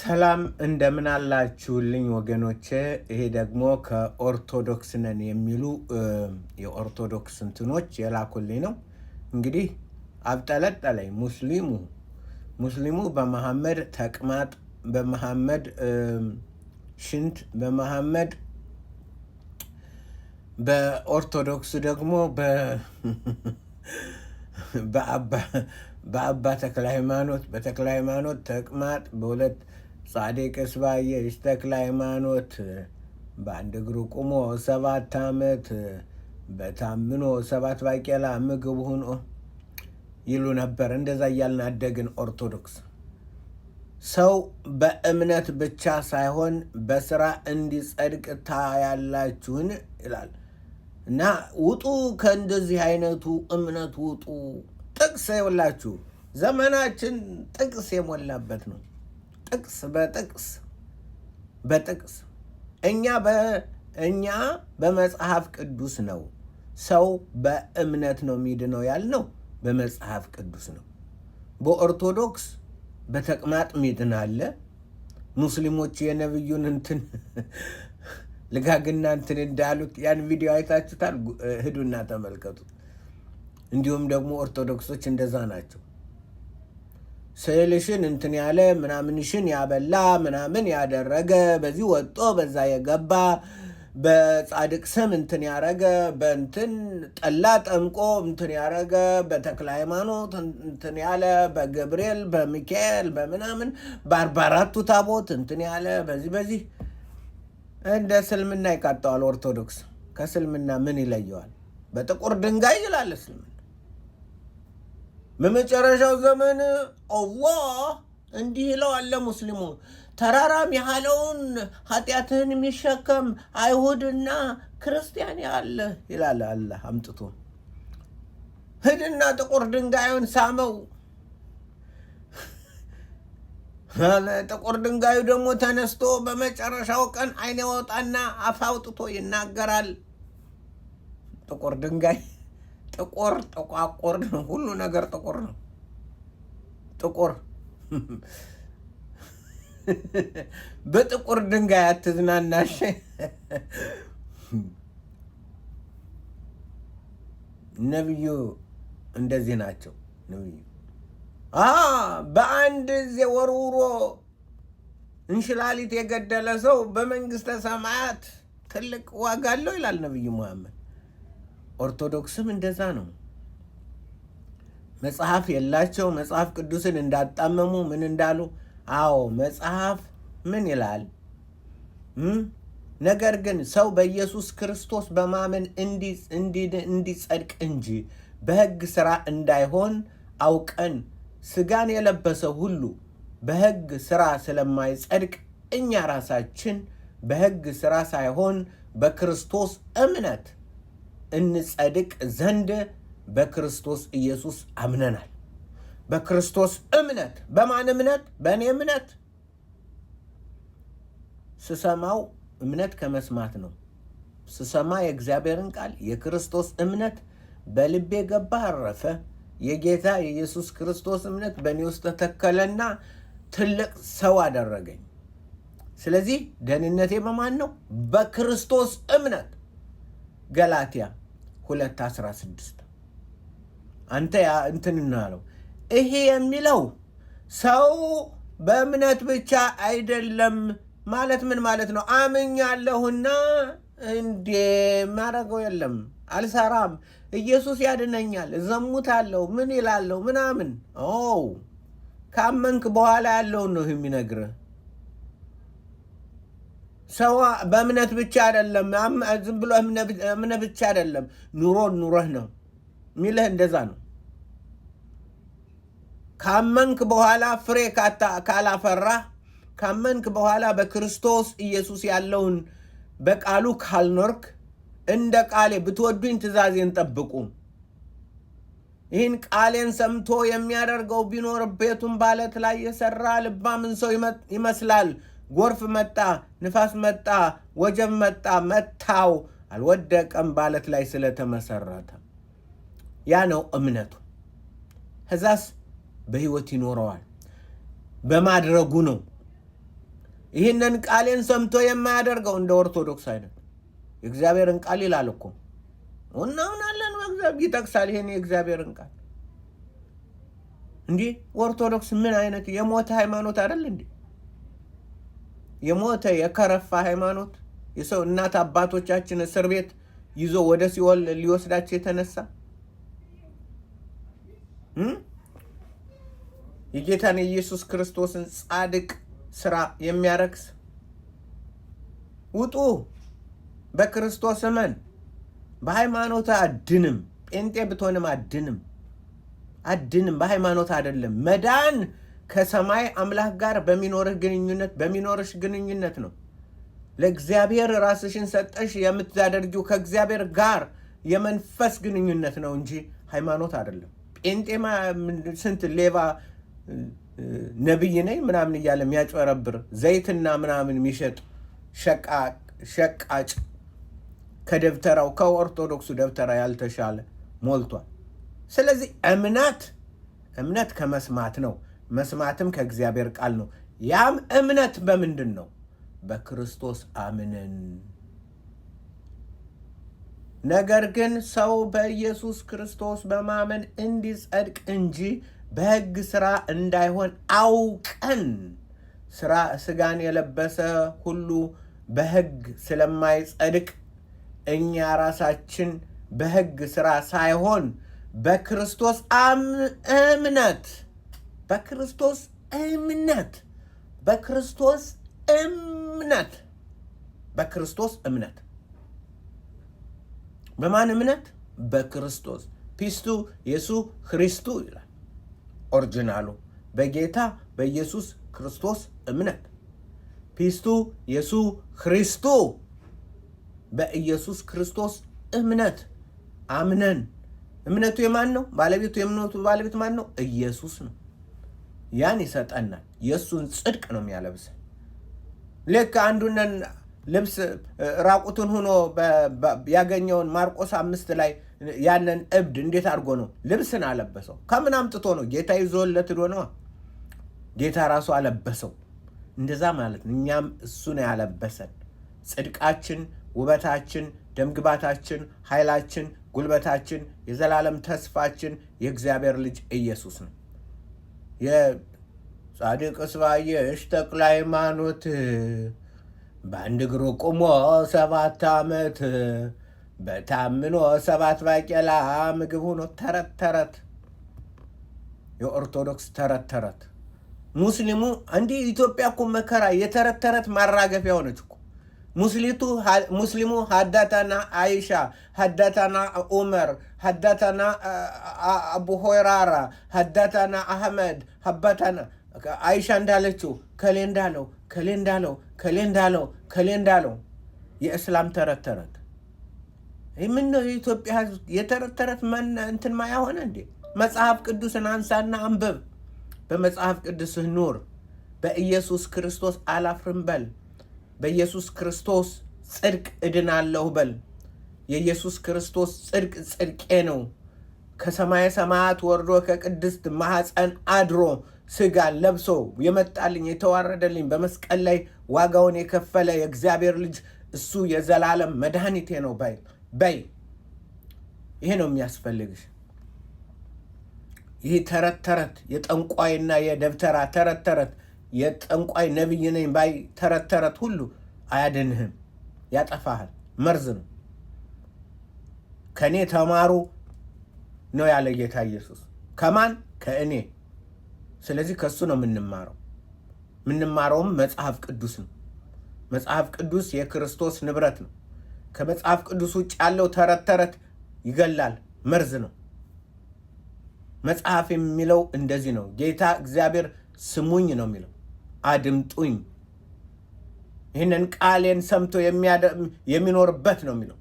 ሰላም እንደምን አላችሁልኝ ወገኖቼ። ይሄ ደግሞ ከኦርቶዶክስ ነን የሚሉ የኦርቶዶክስ እንትኖች የላኩልኝ ነው። እንግዲህ አብጠለጠለኝ። ሙስሊሙ ሙስሊሙ በመሐመድ ተቅማጥ፣ በመሐመድ ሽንት፣ በመሐመድ በኦርቶዶክሱ ደግሞ በአባ ተክለ ሃይማኖት በተክለ ሃይማኖት ተቅማጥ በሁለት ጻድቅ ስባየሽ ተክለ ሃይማኖት በአንድ እግሩ ቁሞ ሰባት ዓመት በታምኖ ሰባት ባቄላ ምግብ ሆኖ ይሉ ነበር። እንደዛ እያልን አደግን። ኦርቶዶክስ ሰው በእምነት ብቻ ሳይሆን በስራ እንዲጸድቅ ታያላችሁን? ይላል እና ውጡ፣ ከእንደዚህ አይነቱ እምነት ውጡ። ጥቅስ ይውላችሁ ዘመናችን ጥቅስ የሞላበት ነው። ጥቅስ በጥቅስ በጥቅስ እኛ በእኛ በመጽሐፍ ቅዱስ ነው ሰው በእምነት ነው የሚድነው ያልነው በመጽሐፍ ቅዱስ ነው። በኦርቶዶክስ በተቅማጥ ሚድን አለ። ሙስሊሞች የነብዩን እንትን ልጋግና እንትን እንዳሉት ያን ቪዲዮ አይታችሁታል? ሂዱና ተመልከቱ። እንዲሁም ደግሞ ኦርቶዶክሶች እንደዛ ናቸው። ስዕልሽን እንትን ያለ ምናምንሽን ያበላ ምናምን ያደረገ በዚህ ወጦ በዛ የገባ በጻድቅ ስም እንትን ያረገ በእንትን ጠላ ጠምቆ እንትን ያረገ በተክለ ሃይማኖት እንትን ያለ በገብርኤል በሚካኤል በምናምን በአርባ ታቦት እንትን ያለ በዚህ በዚህ እንደ እስልምና ይቃጠዋል። ኦርቶዶክስ ከእስልምና ምን ይለየዋል? በጥቁር ድንጋይ ይላል እስልምና። በመጨረሻው ዘመን አላህ እንዲህ ይለው አለ ሙስሊሙ ተራራም ያለውን ኃጢአትህን የሚሸከም አይሁድና ክርስቲያን ያለ ይላል አለ አምጥቶ ህድና ጥቁር ድንጋዩን ሳመው። ጥቁር ድንጋዩ ደግሞ ተነስቶ በመጨረሻው ቀን አይን ያወጣና አፋውጥቶ አውጥቶ ይናገራል። ጥቁር ድንጋይ ጥቁር ጠቋቁር ነው። ሁሉ ነገር ጥቁር ነው። ጥቁር በጥቁር ድንጋይ አትዝናናሽ። ነብዩ እንደዚህ ናቸው። ነብዩ በአንድ ዜ ወርውሮ እንሽላሊት የገደለ ሰው በመንግስተ ሰማያት ትልቅ ዋጋ አለው ይላል ነብዩ መሐመድ። ኦርቶዶክስም እንደዛ ነው። መጽሐፍ የላቸው መጽሐፍ ቅዱስን እንዳጣመሙ ምን እንዳሉ። አዎ መጽሐፍ ምን ይላል? ነገር ግን ሰው በኢየሱስ ክርስቶስ በማመን እንዲጸድቅ እንጂ በሕግ ሥራ እንዳይሆን አውቀን ሥጋን የለበሰ ሁሉ በሕግ ሥራ ስለማይጸድቅ እኛ ራሳችን በሕግ ሥራ ሳይሆን በክርስቶስ እምነት እንጸድቅ ዘንድ በክርስቶስ ኢየሱስ አምነናል። በክርስቶስ እምነት። በማን እምነት? በእኔ እምነት። ስሰማው እምነት ከመስማት ነው። ስሰማ የእግዚአብሔርን ቃል የክርስቶስ እምነት በልቤ ገባ፣ አረፈ። የጌታ የኢየሱስ ክርስቶስ እምነት በእኔ ውስጥ ተተከለና ትልቅ ሰው አደረገኝ። ስለዚህ ደህንነቴ በማን ነው? በክርስቶስ እምነት። ገላትያ ሁለት አስራ ስድስት አንተ እንትን እናለው ይሄ የሚለው ሰው በእምነት ብቻ አይደለም ማለት ምን ማለት ነው? አምኛለሁና እንዴ ማረገው የለም አልሰራም፣ ኢየሱስ ያድነኛል፣ ዘሙታለሁ፣ ምን ይላለሁ ምናምን ኦ ካመንክ በኋላ ያለውን ነው የሚነግርህ። ሰው በእምነት ብቻ አይደለም፣ ዝም ብሎ እምነት ብቻ አይደለም። ኑሮ ኑረህ ነው የሚልህ እንደዛ ነው። ካመንክ በኋላ ፍሬ ካላፈራ ካመንክ በኋላ በክርስቶስ ኢየሱስ ያለውን በቃሉ ካልኖርክ እንደ ቃሌ ብትወዱኝ ትእዛዜን ጠብቁ። ይህን ቃሌን ሰምቶ የሚያደርገው ቢኖር ቤቱን ባለት ላይ የሰራ ልባምን ሰው ይመስላል ጎርፍ መጣ፣ ንፋስ መጣ፣ ወጀብ መጣ፣ መታው፣ አልወደቀም። ባለት ላይ ስለተመሰረተ ያ ነው እምነቱ። ከዛስ በህይወት ይኖረዋል በማድረጉ ነው። ይህንን ቃሌን ሰምቶ የማያደርገው እንደ ኦርቶዶክስ አይነት የእግዚአብሔርን ቃል ይላል እኮ እናምናለን በእግዚአብሔር ይጠቅሳል። ይሄን የእግዚአብሔርን ቃል እንዲህ ኦርቶዶክስ ምን አይነት የሞተ ሃይማኖት አይደል እንዴ? የሞተ የከረፋ ሃይማኖት የሰው እናት አባቶቻችን እስር ቤት ይዞ ወደ ሲኦል ሊወስዳቸው የተነሳ የጌታን የኢየሱስ ክርስቶስን ጻድቅ ስራ የሚያረክስ ውጡ፣ በክርስቶስ እመን። በሃይማኖት አድንም፣ ጴንጤ ብትሆንም አድንም፣ አድንም። በሃይማኖት አይደለም መዳን ከሰማይ አምላክ ጋር በሚኖርህ ግንኙነት በሚኖርሽ ግንኙነት ነው። ለእግዚአብሔር ራስሽን ሰጠሽ የምታደርጊው ከእግዚአብሔር ጋር የመንፈስ ግንኙነት ነው እንጂ ሃይማኖት አይደለም። ጴንጤማ ስንት ሌባ ነብይ ነኝ ምናምን እያለ የሚያጭበረብር ዘይትና ምናምን የሚሸጥ ሸቃጭ ከደብተራው ከኦርቶዶክሱ ደብተራ ያልተሻለ ሞልቷል። ስለዚህ እምነት እምነት ከመስማት ነው። መስማትም ከእግዚአብሔር ቃል ነው። ያም እምነት በምንድን ነው? በክርስቶስ አምነን። ነገር ግን ሰው በኢየሱስ ክርስቶስ በማመን እንዲጸድቅ እንጂ በሕግ ሥራ እንዳይሆን አውቀን ሥራ ሥጋን የለበሰ ሁሉ በሕግ ስለማይጸድቅ እኛ ራሳችን በሕግ ሥራ ሳይሆን በክርስቶስ እምነት በክርስቶስ እምነት በክርስቶስ እምነት በክርስቶስ እምነት በማን እምነት? በክርስቶስ ፒስቱ የሱ ክሪስቱ ይላል ኦሪጂናሉ። በጌታ በኢየሱስ ክርስቶስ እምነት ፒስቱ የሱ ክሪስቱ በኢየሱስ ክርስቶስ እምነት አምነን። እምነቱ የማን ነው? ባለቤቱ የእምነቱ ባለቤት ማን ነው? ኢየሱስ ነው። ያን ይሰጠናል። የእሱን ጽድቅ ነው የሚያለብሰ ልክ አንዱነን ልብስ ራቁቱን ሆኖ ያገኘውን ማርቆስ አምስት ላይ ያንን እብድ እንዴት አድርጎ ነው ልብስን አለበሰው? ከምን አምጥቶ ነው? ጌታ ይዞለት ዶ ነዋ። ጌታ ራሱ አለበሰው። እንደዛ ማለት ነው። እኛም እሱ ነው ያለበሰን። ጽድቃችን፣ ውበታችን፣ ደምግባታችን፣ ኃይላችን፣ ጉልበታችን፣ የዘላለም ተስፋችን የእግዚአብሔር ልጅ ኢየሱስ ነው። የጻድቅ ስባየሽ ተክለ ሃይማኖት በአንድ እግሩ ቁሞ ሰባት ዓመት በታምኖ ሰባት ባቄላ ምግብ ሆኖ ተረት ተረት የኦርቶዶክስ ተረት ተረት ሙስሊሙ እንዲህ ኢትዮጵያ እኮ መከራ የተረት ተረት ማራገፊያ ሆነች። ሙስሊቱ ሙስሊሙ ሀዳታና አይሻ ሀዳታና ዑመር ሀዳታና አቡ ሆራራ ሀዳታና አህመድ ሀባታና አይሻ እንዳለችው ከሌ እንዳለው ከሌ እንዳለው ከሌ እንዳለው ከሌ እንዳለው የእስላም ተረት ተረት ምን ነው? የኢትዮጵያ ሕዝብ የተረት ተረት እንትን ማያ ሆነ እንዴ? መጽሐፍ ቅዱስን አንሳና አንብብ። በመጽሐፍ ቅዱስህ ኑር። በኢየሱስ ክርስቶስ አላፍርም በል። በኢየሱስ ክርስቶስ ጽድቅ እድናለሁ በል። የኢየሱስ ክርስቶስ ጽድቅ ጽድቄ ነው። ከሰማየ ሰማያት ወርዶ ከቅድስት ማኅፀን አድሮ ሥጋን ለብሶ የመጣልኝ የተዋረደልኝ በመስቀል ላይ ዋጋውን የከፈለ የእግዚአብሔር ልጅ እሱ የዘላለም መድኃኒቴ ነው በይ በይ። ይሄ ነው የሚያስፈልግሽ። ይህ ተረት ተረት የጠንቋይና የደብተራ ተረት ተረት የጠንቋይ ነቢይ ነኝ ባይ ተረት ተረት ሁሉ አያድንህም፣ ያጠፋሃል፣ መርዝ ነው። ከእኔ ተማሩ ነው ያለ ጌታ ኢየሱስ። ከማን ከእኔ። ስለዚህ ከእሱ ነው የምንማረው። የምንማረውም መጽሐፍ ቅዱስ ነው። መጽሐፍ ቅዱስ የክርስቶስ ንብረት ነው። ከመጽሐፍ ቅዱስ ውጭ ያለው ተረት ተረት ይገላል፣ መርዝ ነው። መጽሐፍ የሚለው እንደዚህ ነው። ጌታ እግዚአብሔር ስሙኝ ነው የሚለው። አድምጡኝ። ይህንን ቃሌን ሰምቶ የሚኖርበት ነው የሚለው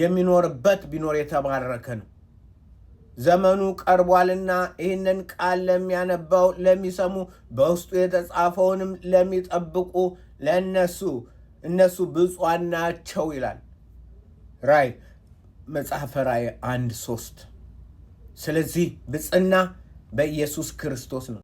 የሚኖርበት ቢኖር የተባረከ ነው። ዘመኑ ቀርቧልና ይህንን ቃል ለሚያነባው ለሚሰሙ፣ በውስጡ የተጻፈውንም ለሚጠብቁ ለእነሱ እነሱ ብፁዓን ናቸው ይላል ራይ መጽሐፈ ራይ አንድ ሶስት። ስለዚህ ብፅና በኢየሱስ ክርስቶስ ነው።